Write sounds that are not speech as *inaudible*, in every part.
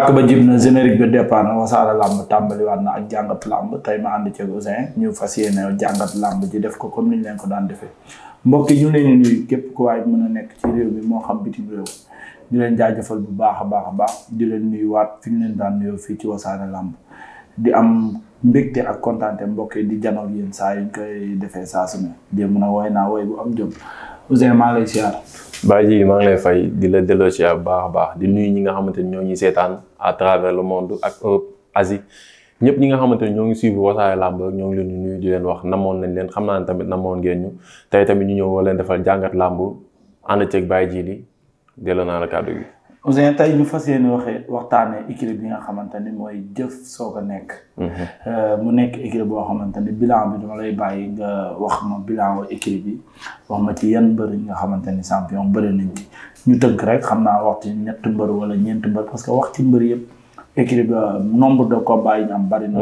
tàkk ba jib na générique bi départ na wasaare làmb tàmbaliwaat na ak jàngat làmb tey ma ànd ceeg Ouzin ñu fas yéene jàngat làmb ji def ko comme ni ñu leen ko daan defee mbokk yi ñu leen nuyu képp ku waay mën a nekk réew mi moo xam bitim réew di leen jaajëfal bu baax a baax a baax di leen waat fi ñu leen daan nuyoo fii ci wasaare làmb di am mbégte ak kontaante mbokk di janoog yéen saa yuñ koy defee saa su ne jéem na woy naa woy bu am jom Ouzin maa ngi lay siyaar. Badji maa ngi lay fay di la delloo siyaar bu baax a baax di nuyu ñi nga xamante ni ñoo ñuy seetaan à travers le monde ak Europe Asie ñëpp ñi nga xamante ni ñoo ngi suivre Wassare Lamb ñoo ngi leen di nuyu di leen wax namoon nañ leen xam naa ne tamit namoon ngeen ñu tey tamit ñu ñëw woo leen defal jàngat làmb ànd ceeg Baye Djily delloo naa la kàddu gi. Ouzin tey ñu fas yéene waxee waxtaanee équipe bi nga xamante ni mooy jëf soo a nekk. Mhm. Euh, mu nekk équipe boo xamante ni bilan bi dama lay bàyyi nga wax ma billan wa bi wax ma ci yan mbër yi nga xamante ni champion bëri nañ ci ñu tëgg rek xam naa wax ci ñett mbër wala ñeent mbër parce que wax ci mbër yëpp équipe bi euh, nombre de combats yi ñu am bëri mhm.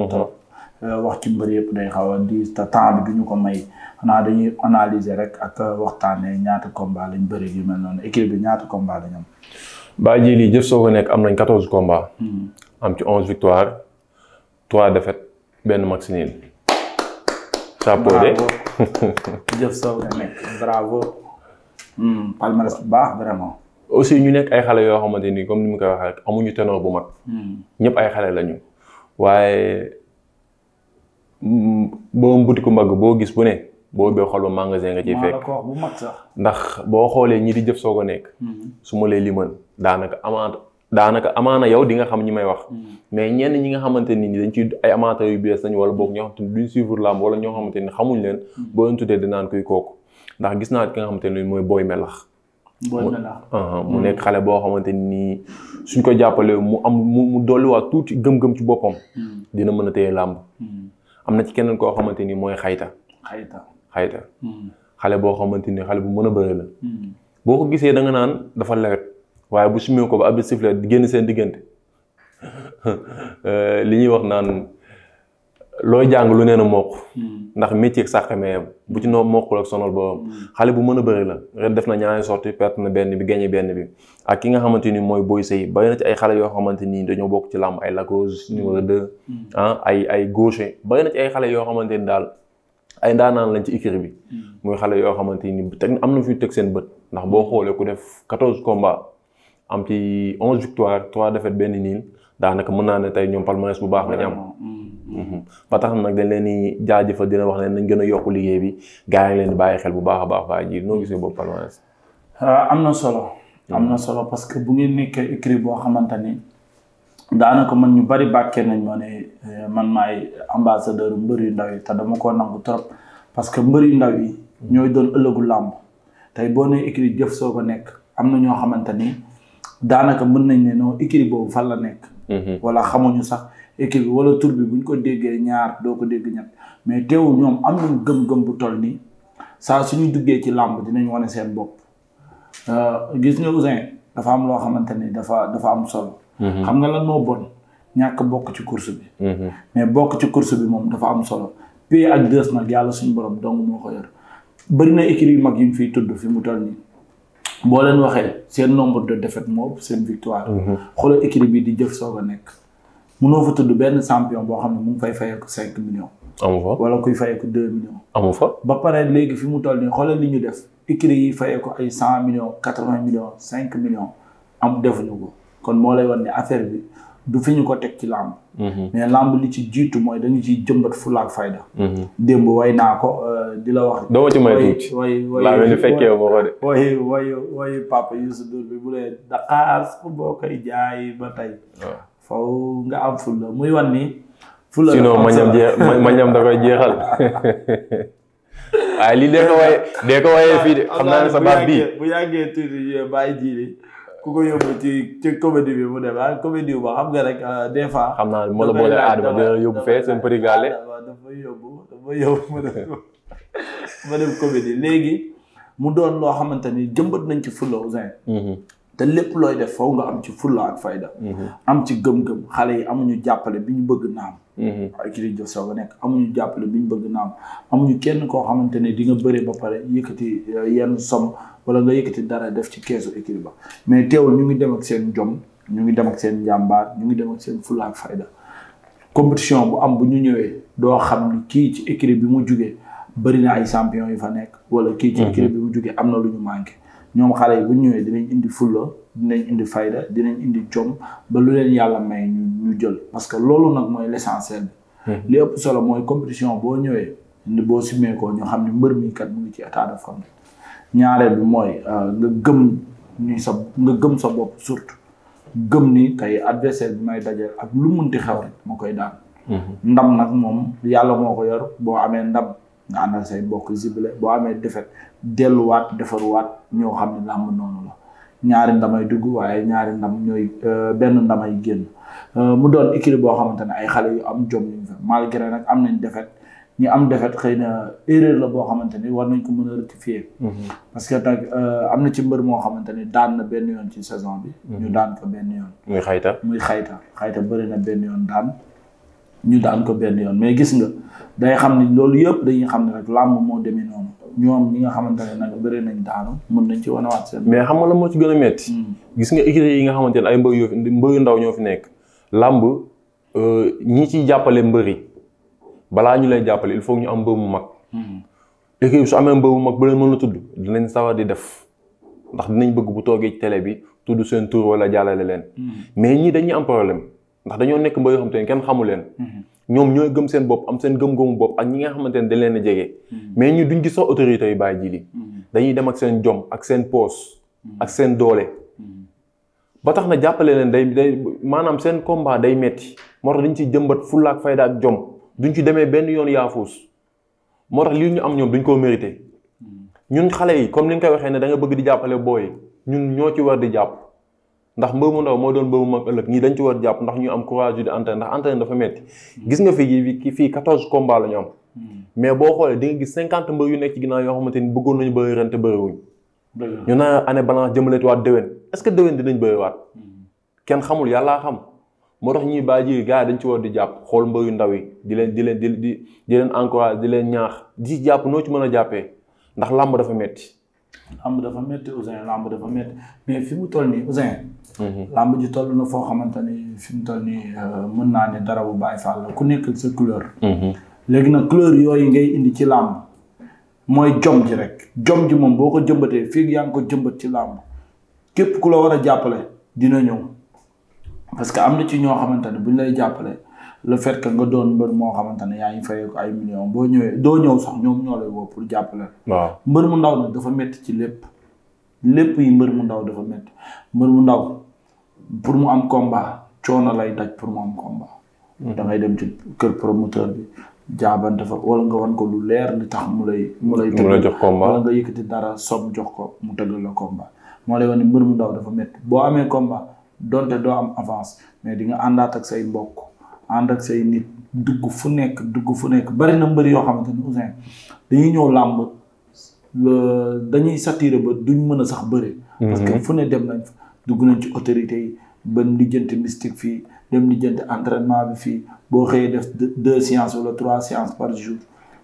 euh, wax ci mbër yëpp day xaw a di te temps bi ñu ko may naa dañuy analyser rek ak waxtaanee ñaata combat lañ bëri yu mel noonu équipe bi ñaata combat lañ Baye Djily Jëf Sogo nekk am nañ quatorze combats. Hmm. am ci onze victoires trois défaites benn match nul. chapeau de *laughs* Jëf Sogo nekk bravo. Hmm, aussi ñu nekk ay xale yoo xamante ni comme ni mu koy waxee amuñu ténor bu mag. Hmm. ñëpp ay xale lañu. waaye mm, boo ku mbagg boo gis bu ne. boo ubbee xol ba magasin nga ciy fekk bu mag sax ndax boo xoolee ñi di jëf soo ko nekk mhm. su ma lay liman daanaka amaana daanaka amaana yow di nga xam ñi may wax mhm. mais ñenn ñi nga xamante ni dañ ci ay amateurs yu bees lañ wala boog ñoo xamante ni duñ suivre wala ñoo xamante ni xamuñ leen mhm. boo tuddee dinaan kuy kooku ndax gis naa ki nga xamante ni mooy booy melax mu uh-huh. nekk xale boo xamante nii suñ ko jàppalee mu am mu dolliwaat tuuti gëm-gëm ci boppam dina mën a téye làmb am na ci keneen koo xamante ni mooy xayta xayta xayta hmm. xale boo xamante ni xale bu mën a bari la hmm. boo ko gisee da naan dafa lewet waaye bu sumee ko ba abdi sifle génn seen diggante *laughs* li ñuy wax naan looy jàng lu neena mokk hmm. ndax métier ak sàqameyam bu ci noo mokkul ak sonal boobam xale bu mën a bëri la ren def na ñaari sorti perte na benn bi gagné benn bi ak ki nga xamante ni mooy Boy Sey bari na ci ay xale yoo xamante ni dañoo bokk ci làmb ay Lagos numéro deux ah ay ay gaucher bari na ci ay xale yoo xamante ni daal ay ndaanaan lañ ci écurie bi. Hmm. muy xale yoo xamante ni teg am na fi teg seen bët ndax boo xoolee ku def quatorze combats am ci onze victoire trois défaites benn niil daanaka mën naa ne tey ñoom palmarès bu baax la ñu am. Hmm. Hmm. Mhm. ba tax nag dañ leen di jaajëfal dina wax ne nañ gën a yokk liggéey bi gars ngi leen bàyyi xel bu baax a baax baax ji noo gisee boobu palmarès. Ah, am na solo. am na solo parce que bu ngeen nekkee écurie boo xamante ni. daanaka man ñu bari bàkkee nañ ma ne eh, man maay ambassadeur mbër yu ndaw yi te dama koo nangu trop parce que mbër yu ndaw yi ñooy doon ëllëgu làmb tey boo nee écurie jëf soo ko nekk am na ñoo xamante ni daanaka mën nañ ne non boobu fan la nekk. Mm-hmm. wala xamuñu sax écurie bi wala tur bi ko déggee ñaar doo ko dégg mais teewul ñoom am nañ gëm-gëm bu toll nii saa suñu duggee ci làmb dinañ wane seen bopp euh, gis nga Ouzin dafa am loo xamante ni dafa dafa am solo. Mm-hmm. xam nga lan moo bon ñàkk bokk ci course bi. Mm-hmm. mais bokk ci course bi moom dafa am solo. pay ak des nag yàlla suñu borom dong moo ko yor bëri na écurie yu mag yi ñu fiy tudd fi mu toll nii boo leen waxee seen nombre de défaites moo seen victoire. Mm-hmm. xoolal écurie bi di jëf soog nekk. mënoo fa tudd benn champion boo xam ne mu ngi fay fayeeku cinq millions. amu fa wala kuy fayeeku deux amu fa ba pare léegi fi mu toll nii xoolal li ñu def écurie yi fayeeku ay cent millions quatre vingt millions cinq millions am defuñu ko. kon moo lay wan ne affaire bi du fi ñu ko teg ci làmb mhm. mais làmb li ci jiitu mooy dañu ci jëmbat fulla ak fayda mhm. démb way naa ko euh, di la wax doo ma ci may tuuti way way bi bu dee Dakar su boo koy jaay ba tey faw nga am fulla muy wan ni fulla sinon ma ñam da koy jeexal *laughs* waaye lii dee ko waye dee ko waye fii de xam naa ne sa baat bii bu yàggee tuuti euh, bàyyi jiili ku ko yóbbu ci ci comédie bi mu dem ah comédie bu xam nga rek ah, des fois. xam naa moo la boole Adama dina la yóbbu fee seen petit gàllé. waaw dafa yóbbu dafa yóbbu ma def ma def comédie léegi mu doon loo xamante ni jëmbat nañ ci fula Ouzin. te lépp looy def faw nga am ci fulla ak fayda mhm. am ci gëm-gëm xale yi amuñu jàppale bi ñu bëgg naam kii jof soo ba nekk amuñu jàppale bi ñu bëgg naam amuñu kenn koo xamante ne di nga bëre ba pare yëkkati euh, yenn som wala nga yëkkati dara def ci keesu équipe ba mais teewul ñu ngi dem ak seen jom ñu ngi dem ak seen njàmbaar ñu ngi dem ak seen fulla ak fayda compétition bu am bu ñu ñëwee doo xam ni kii ci équipe bi mu jugee bëri na ay champion yu fa nekk wala kii ci mhm. équipe bi mu jugee am na lu ñu manqué ñoom xale yi bu ñëwee dinañ indi fulla dinañ indi fayda dinañ indi jom ba lu leen yàlla may ñu ñu jël parce que loolu nag mooy l'essentiel hmm. li ëpp solo mooy compétition boo ñëwee ni boo simee ko ñu xam ne mbër mi kat mu ngi ci état de forme ñaareel bi mooy euh, nga gëm ni sa nga gëm sa bopp surtout gëm ni tey adversaire bi may dajeel ak lu munti xew rek ma koy daan hmm. ndam nag moom yàlla moo ko yor boo amee ndam nga àndal say mbokk zible boo amee defet delluwaat defaruwaat ñoo xam ne làmb noonu la ñaari ndamay dugg waaye ñaari ndam ñooy euh, benn ndamay génn euh, mu doon équilibre boo xamante ne ay xale yu am jom ñu fa malgré nag am nañ defet ñu am defet xëy na erreur la boo xamante ni war nañ ko mën a rectifier mhm. parce que nag euh, am na ci mbër moo xamante ni daan na benn yoon ci saison bi mhm. ñu daan ko benn yoon muy xayta muy xayta xayta bëri na benn yoon daan ñu daan ko benn yoon mais gis nga day xam ni loolu yëpp dañuy xam ne rek làmb moo demee noonu ñoom ñi nga xamante ne bëri nañ daanu mën nañ ci wanawaat seen. mais xam nga la moo ci gën hmm. gis nga écurie yi nga xamante ne ay mbër yoo fi mbër ndaw ñoo fi nekk làmb euh, ñii ciy jàppale mbër yi balaa ñu lay jàppale il faut ñu am mbër mu mag. Hmm. écurie su amee mbër mu mag bu leen mën a tudd dinañ sawar di def ndax dinañ bëgg bu toogee tele bi tudd seen tour wala jàllale leen. Hmm. mais ñii dañuy am problème. ndax dañoo nekk mbër yoo xamante ne kenn xamu leen mhm. ñoom ñooy gëm seen bopp am seen gëm-gëmu bopp ak ñi nga xamante ne dañ leen a jege mhm. mais ñu duñ gis sax autorité yu bàyyi ji li mhm. dañuy dem ak seen jom ak seen poos ak seen doole ba tax na jàppale leen day day maanaam seen combat day metti moo tax dañ ci jëmbat fulla fayda ak jom duñ ci demee benn yoon yaafuus moo tax lii ñu am ñoom duñ koo mérité ñun xale yi comme li nga koy waxee ne da nga bëgg di jàppale booy ñun ñoo ci war di jàpp ndax mbër mu ndaw mooy doon mbër mu mag ëllëg ñii dañ ci war jàpp ndax ñu am courage di entraîné ndax entraîné dafa metti gis nga fii fii quatorze combats la ñu am hmm. mais boo xoolee di nga gis cinquante mbër yu nekk ci ginnaaw yoo xamante ni bëggoon nañu bëri ren te bëriwuñ ñu naan année balance jëmaleet waat déwén est-ce que déwén dinañ bëri waat hmm. kenn xamul yàllaa xam moo tax ñuy bàyyi ji gars yi dañ ci war di jàpp xool mbër yu ndaw yi di leen di leen di di di leen encourage di leen ñaax di ci jàpp noo ci mën a jàppee ndax làmb dafa metti lamb dafa métti Ouzin lamb dafa métti mais fi mu toll nii Ouzin. Mhm. lamb ji toll na foo xamante ni fi mu toll nii euh, mën naa ne dara bu bàyyi fàll la ku nekk sa couleur. Mhm. léegi nag couleur yooyu ngay indi ci làmb mooy jom ji rek jom ji moom boo ko jëmbatee fii yaa ngi ko jëmbat ci làmb képp ku la war a jàppale dina ñëw parce que am na ci ñoo xamante ne buñ lay jàppale. le fait nga doon mbër moo xamante ne yaa ngi fay ko ay millions boo ñëwee doo ñëw sax ñoom ñoo lay woo pour jàppale. waaw mbër mu ndaw dafa métti ci lépp lépp mbër mu ndaw dafa métti mbër mu ndaw pour mu am combat coono lay daj pour mu am combat. Hmm. da dem ci kër promoteur bi. jaabante fa wala nga wan ko lu leer li tax mu lay. mu lay jox combat wala nga yëkkati dara sob jox ko mu tëggal la combat. moo lay wan mbër mu ndaw dafa métti boo amee komba donte doo am avance mais di nga àndaat ak say mbokk. ànd ak say nit dugg fu nekk dugg fu nekk bari na mbër yoo xam ne Ouzin dañuy ñëw làmb dañuy saturé ba duñ mën a sax bëri. Mhm. parce que fu ne dem nañ dugg nañ ci autorités yi ba lijjanti mystique fii dem lijjanti entraînement bi fii boo xëyee def deux séances wala trois séances par jour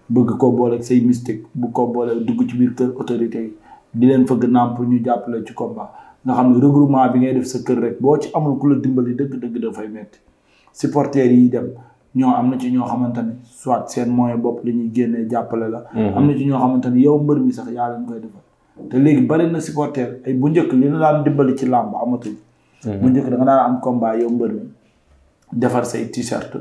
bëgg koo boole say mystique bu koo boole dugg ci biir kër autorité yi di leen fëgg naam pour ñu jàppale ci combat nga xam ne regroupement bi ngay def sa kër rek boo ci amul ku la dimbali dëgg-dëgg dafay metti supporters yi dem ñoo am na ci ñoo xamante ni soit seen moyen bopp li ñuy génnee jàppale la. Mhm. am na ci ñoo xamante ni yow mbër mi sax yaa leen koy defal. te léegi bari na supporter ay bu njëkk li la daan dimbali ci làmb amatul. Mhm. bu njëkk da daan am combat yow mbër mi defar say t-shirt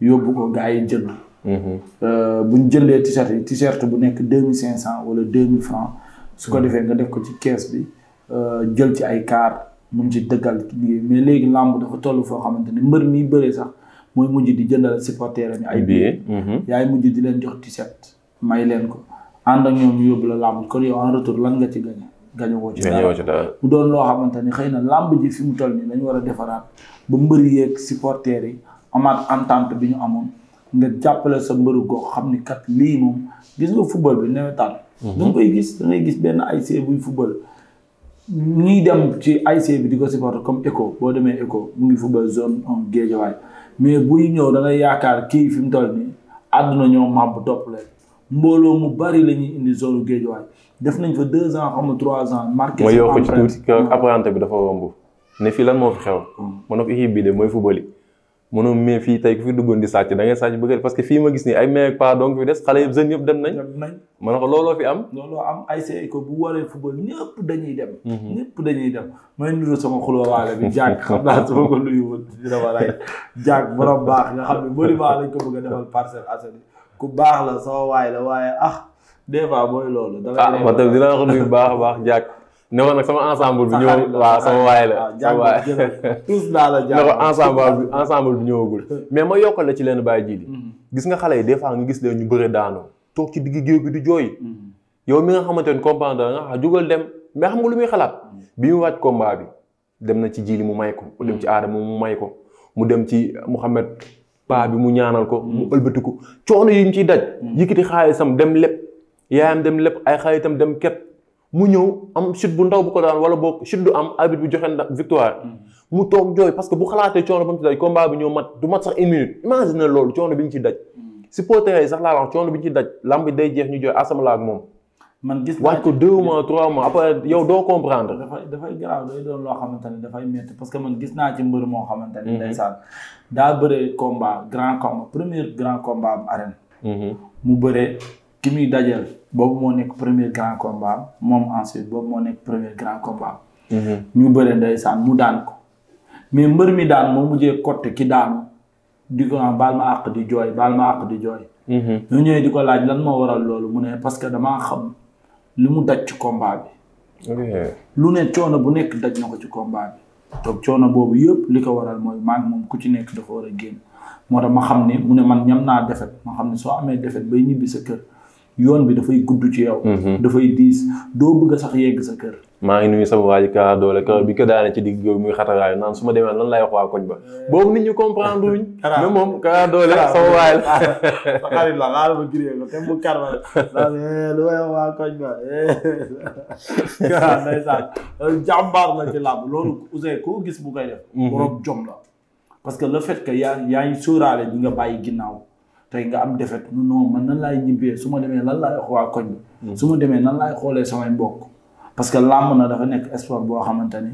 yóbbu ko gars yi jënd. Mhm. Euh, buñ ñu jëndee t-shirt yi t-shirt bu nekk deux mille cinq cent wala deux mille francs su ko defee nga def ko ci kees bi euh, jël ci ay car. mu ngi ci dëggal liggéey mais léegi làmb dafa toll foo xamante ne mbër mi bëree sax mooy mujj di jëndal supporter am ay billet mhm. yaay mujj di leen jox t-shirt may leen ko ànd ak ñoom ñu yóbbu la làmb kon yow en retour lan nga ci gagné gañe woo ci dara mu doon loo xamante ni xëy na làmb ji fi mu toll nii dañu war a defaraat ba mbër yeeg supporter yi amaat entente bi ñu amoon nga jàppale sa mbëru gox xam ni kat lii moom gis nga football bi nawetaan mhm. da nga gis da gis benn ay see buy football ñuy dem ci IC bi di ko supporter comme ECHO boo demee ECHO mu ngi football zone on Guédiawaye mais buy ñëw da yaakaar kii fi mu toll nii àdduna ñoo màbb topp leen mbooloo mu bari la ñuy indi zone Guédiawaye def nañ fa deux ans xam nga trois ans. marqué ma yoo ko ci tuuti apprenti bi dafa romb ne fii lan moo fi xew. ma hmm. ne ko équipe bi de mooy football yi mënoo mais fii tey ku fi duggoon di sàcc da ngay sàcc bëgg parce que fii ma gis nii ay meeg pa donc fi des xale yëpp jeunes yëpp dem ma ne ko looloo fi am looloo am ay see ko bu waree football ñëpp dañuy dem mhm. ñëpp dañuy dem may nuru sama xuloowaale bi jaag xam naa sama ko nuyu woon dina borom baax nga xam ne bëri baax lañ ko bëgg a defal Parcelles Assainies ku baax la soo waaye la waaye ah des fois mooy loolu. ah man tamit dinaa ko nuyu baax a baax jàkk ne ma nag sama ensemble bi ñëw waaw sama waay la sama waay *laughs* ne ko ensemble bi ensemble bi ñëwagul mais ma yokkal la ci leen bàyyi ji mhm. gis nga xale yi des fois nga gis leen ñu bëre daanoo toog ci digg géew bi du jooy mhm. yow mi nga xamante ne comprendre nga ah, jugal dem mais xam nga lu muy xalaat mhm. bi mu waaj combat bi dem na ci jili mu may ko mu dem ci aadama mu may ko mu dem ci Mouhamed paa bi mu ñaanal ko mu ëlbatiku coono yi mu ciy daj yëkkati xaalisam dem lépp yaayam dem lépp ay xaalisam dem képp mu ñëw am chute bu ndaw bu ko daan wala boo chute du am habit bu joxe victoire mu toog jooy parce que bu xalaatee coono ba mu ci daj combat bi ñëw mat du mat sax une minute imagine na loolu coono bi ñu ci daj supporter sax laa wax coono bi ñu ci daj lamb day jeex ñu jooy asamala ak moom man gis waaj ko deux mois trois mois après yow doo comprendre. dafay dafay grave day loo xamante ni dafay métti parce que man gis naa ci mbër moo xamante ni. Mhm. ndeysaan daa bëree combat grand combat premier grand combat am arène. Mhm. mu bëree ki muy dajeel. boobu moo nekk premier grand combat moom ensuite boobu moo nekk premier grand combat. Mhm. ñu bëre saan mu daan ko. mais mbër mi daan moo mujjee côté ki daanu di ko ah, baal ma àq di jooy baal ma àq di jooy. Mhm. ñu ñëwee di ko laaj lan moo waral loolu mu ne parce que damaa xam li mu daj ci lu ne coono bu nekk daj na ko ci combat bi. donc coono boobu yëpp li ko waral mooy maa ngi moom ku ci nekk dafa war a génn moo tax ma xam ni mu ne man ñam naa defet ma xam ne soo amee defet bay ñibbi sa kër. yoon bi dafay gudd ci yow. Mhm. dafay diis doo bëgg sax yegg sa kër. maa ngi nuyu sama waa ji Kara Dollé bi ko daane ci digg yooyu muy xataraayu naan su ma demee lan lay wax waa koñ ba eh. boobu moom Kara Dollé sama waay la. sa xarit eh, eh. *laughs* euh, la ci làmb loolu Ouzin koo gis bu koy def. Mhm. borom jom la. parce que la fait que yaa yaa ngi sóoraale ñi bàyyi ginnaaw. tey nga am defet non man nan laay ñibbee su ma demee lan laay wax waa mm. ma demee nan laay xoolee samay mbokk parce que làmb na dafa nekk sport boo xamante ni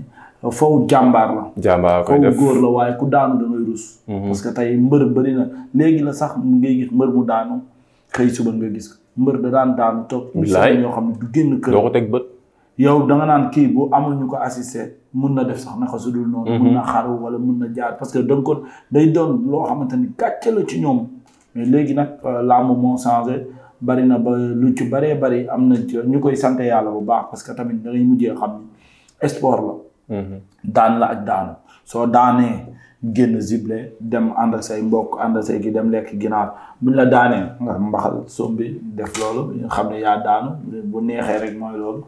faw jàmbaar la jàmbaar koy def góor la waaye ku daanu dangay rus mm-hmm. parce que tey mbër bëri na léegi la sax mu ngay gis mbër mu daanu xëy suba nga gis mbër da daan daanu toog bilaay yoo xam ne du génn kër doo bët yow da nga naan kii bu amul ñu ko assisté mun na def sax naka su dul noonu mm-hmm. mun na xaru wala mun na jaar parce que da ko day loo xamante ni gàcce la ci ñoom mais léegi nag euh, làmb moo changé bari na ba lu ci baree bari am na ñu koy sant yàlla bu baax parce que tamit dangay mujjee xam ni sport la. Mhm. daan la ak daan soo daanee génn zible dem ànd ak say mbokk ànd ak say ki dem lekk ginaar buñ la daanee nga mbaxal sombi def loolu xam ne yaa daanu bu neexee rek mooy loolu.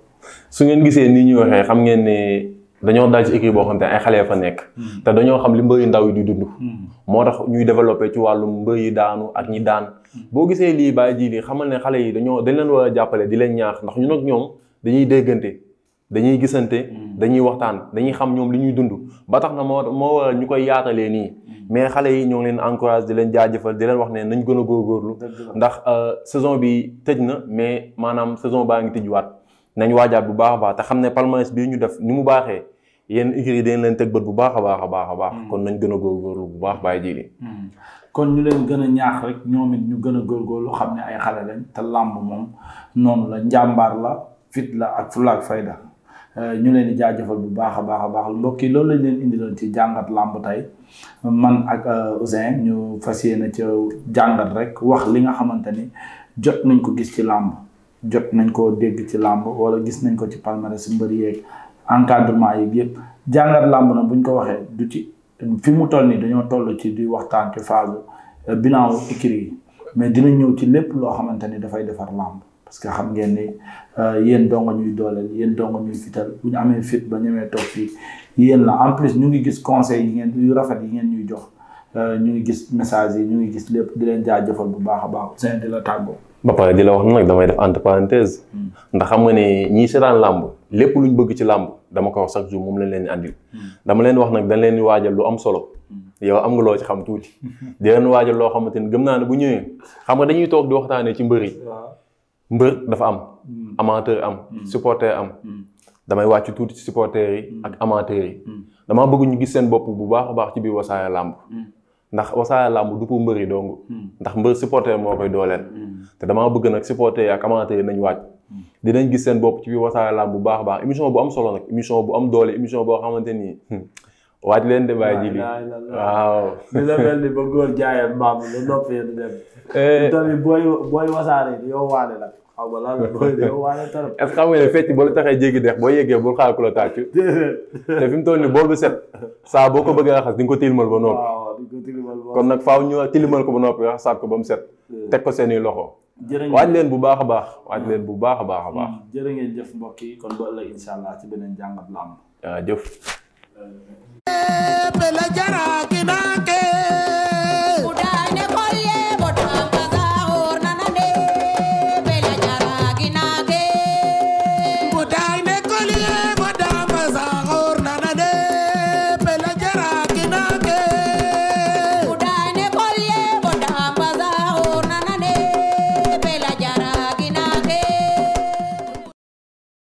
su ngeen gisee ni ñu waxee xam ngeen ne. dañoo dal ci équipe boo xam te ay xale fa nekk. Hmm. te dañoo xam li mbër yu ndaw yi di dund. Hmm. moo tax ñuy développé ci wàllum mbër yi daanu ak ñi daan. Hmm. boo gisee lii bàyyi ji lii xamal ne xale yi dañoo daleen war a jàppale di leen ñaax ndax ñun ak ñoom dañuy déggante dañuy gisante. dañuy waxtaan dañuy xam ñoom li ñuy dund. ba tax na moo moo waral ñu koy yaatalee nii. mais xale yi ñoo leen encourage di leen jaajëfal di leen wax ne nañ gën a góorgóorlu. ndax euh, saison bi tëj na mais maanaam saison baa ngi tëjwaat nañ waajaat bu baax a te xam ne palmarès bii ñu def ni mu baaxee yéen écurie dañ leen teg bët bu baax a baax a baax a baax. Hmm. kon nañ gën a góorgóorlu bu baax bàyyi ji li kon ñu leen gën a ñaax rek ñoom it ñu gën a góor góorgóorlu xam ne ay xale lañ te làmb moom noonu la njàmbaar la fit la ak fulla ak fayda euh, ñu leen di jaajëfal bu baax a baax a baax mbokk yi loolu lañ leen indiloon ci jàngat làmb tey man ak euh, Ouzin ñu fas yéene ca jàngat rek wax li nga xamante ni jot nañ ko gis ci làmb jot nañ ko dégg ci làmb wala gis nañ ko ci palmarès mbër yeeg encadrement yi yëpp jàngat làmb na bu ñu ko waxee du ci fi mu toll nii dañoo toll ci di waxtaan ci phase bilan wu écurie yi mais dina ñëw ci lépp loo xamante ni dafay defar làmb parce que xam ngeen ni euh, yéen donga ñuy dooleel yéen donga ñuy fital bu ñu amee fit ba ñemee toog fii yéen la en plus ñu ngi gis conseil yi ngeen yu rafet yi ngeen ñuy jox euh, ñu ngi gis message yi ñu ngi gis lépp di leen jaajëfal bu baax a baax seen di la tàggoo ba pare di la wax nag damay def entre parenthèse hmm. ndax xam nga ne ñii seetaan làmb lépp lu luñ bëgg ci làmb dama ko wax chaque jour moom lañ leen di dama leen wax nag dañ leen di waajal lu am solo. yow am nga loo ci xam tuuti. di leen waajal loo xamante ni gëm naa ne bu ñëwee xam nga dañuy toog di waxtaanee ci mbër yi. mbër dafa am. Mm. amateur am. Mm. supporter am. Mm. damay wàcc tuuti ci supporter yi. ak amateur yi. dama bëgg ñu gis seen bopp bu baax a baax ci biir Wassare làmb ndax Wassare Lamb du ko mbër yi dong. ndax mbër supporter moo koy dooleel. te damaa bëgg nag supporter yi ak nañ wàcc. dinañ gis seen bopp ci biir Wassare Lamb bu baax a baax émission bu am solo nag émission bu am doole émission boo xamante ni waaj leen de bàyyi ji bi waaw. la mel ni ba góor jaayee mbaam lu noppi yéen dem. *laughs* Eh. tamit booy wasaare yow waane la. xaw ma lan waane trop. est-ce que xam nga ne fecc ba la taxe jéggi dex boo yeggee bul xaar ku la tàccu. *laughs* te fi mu toll nii bool bi set saa boo ko bëggee raxas di nga ko tilimal ba noppi. waaw di nga kon nag faa ñu tilimal ko ba noppi raxasaat ko ba mu set. teg ko seen seeni loxo. jërë waaj leen bu baax a baax waaj leen bu baax a baax a baax. Hmm, jërë ngeen jëf mbokk yi kon ba ëllëg incha allah ci beneen jàngat lamb. jëf.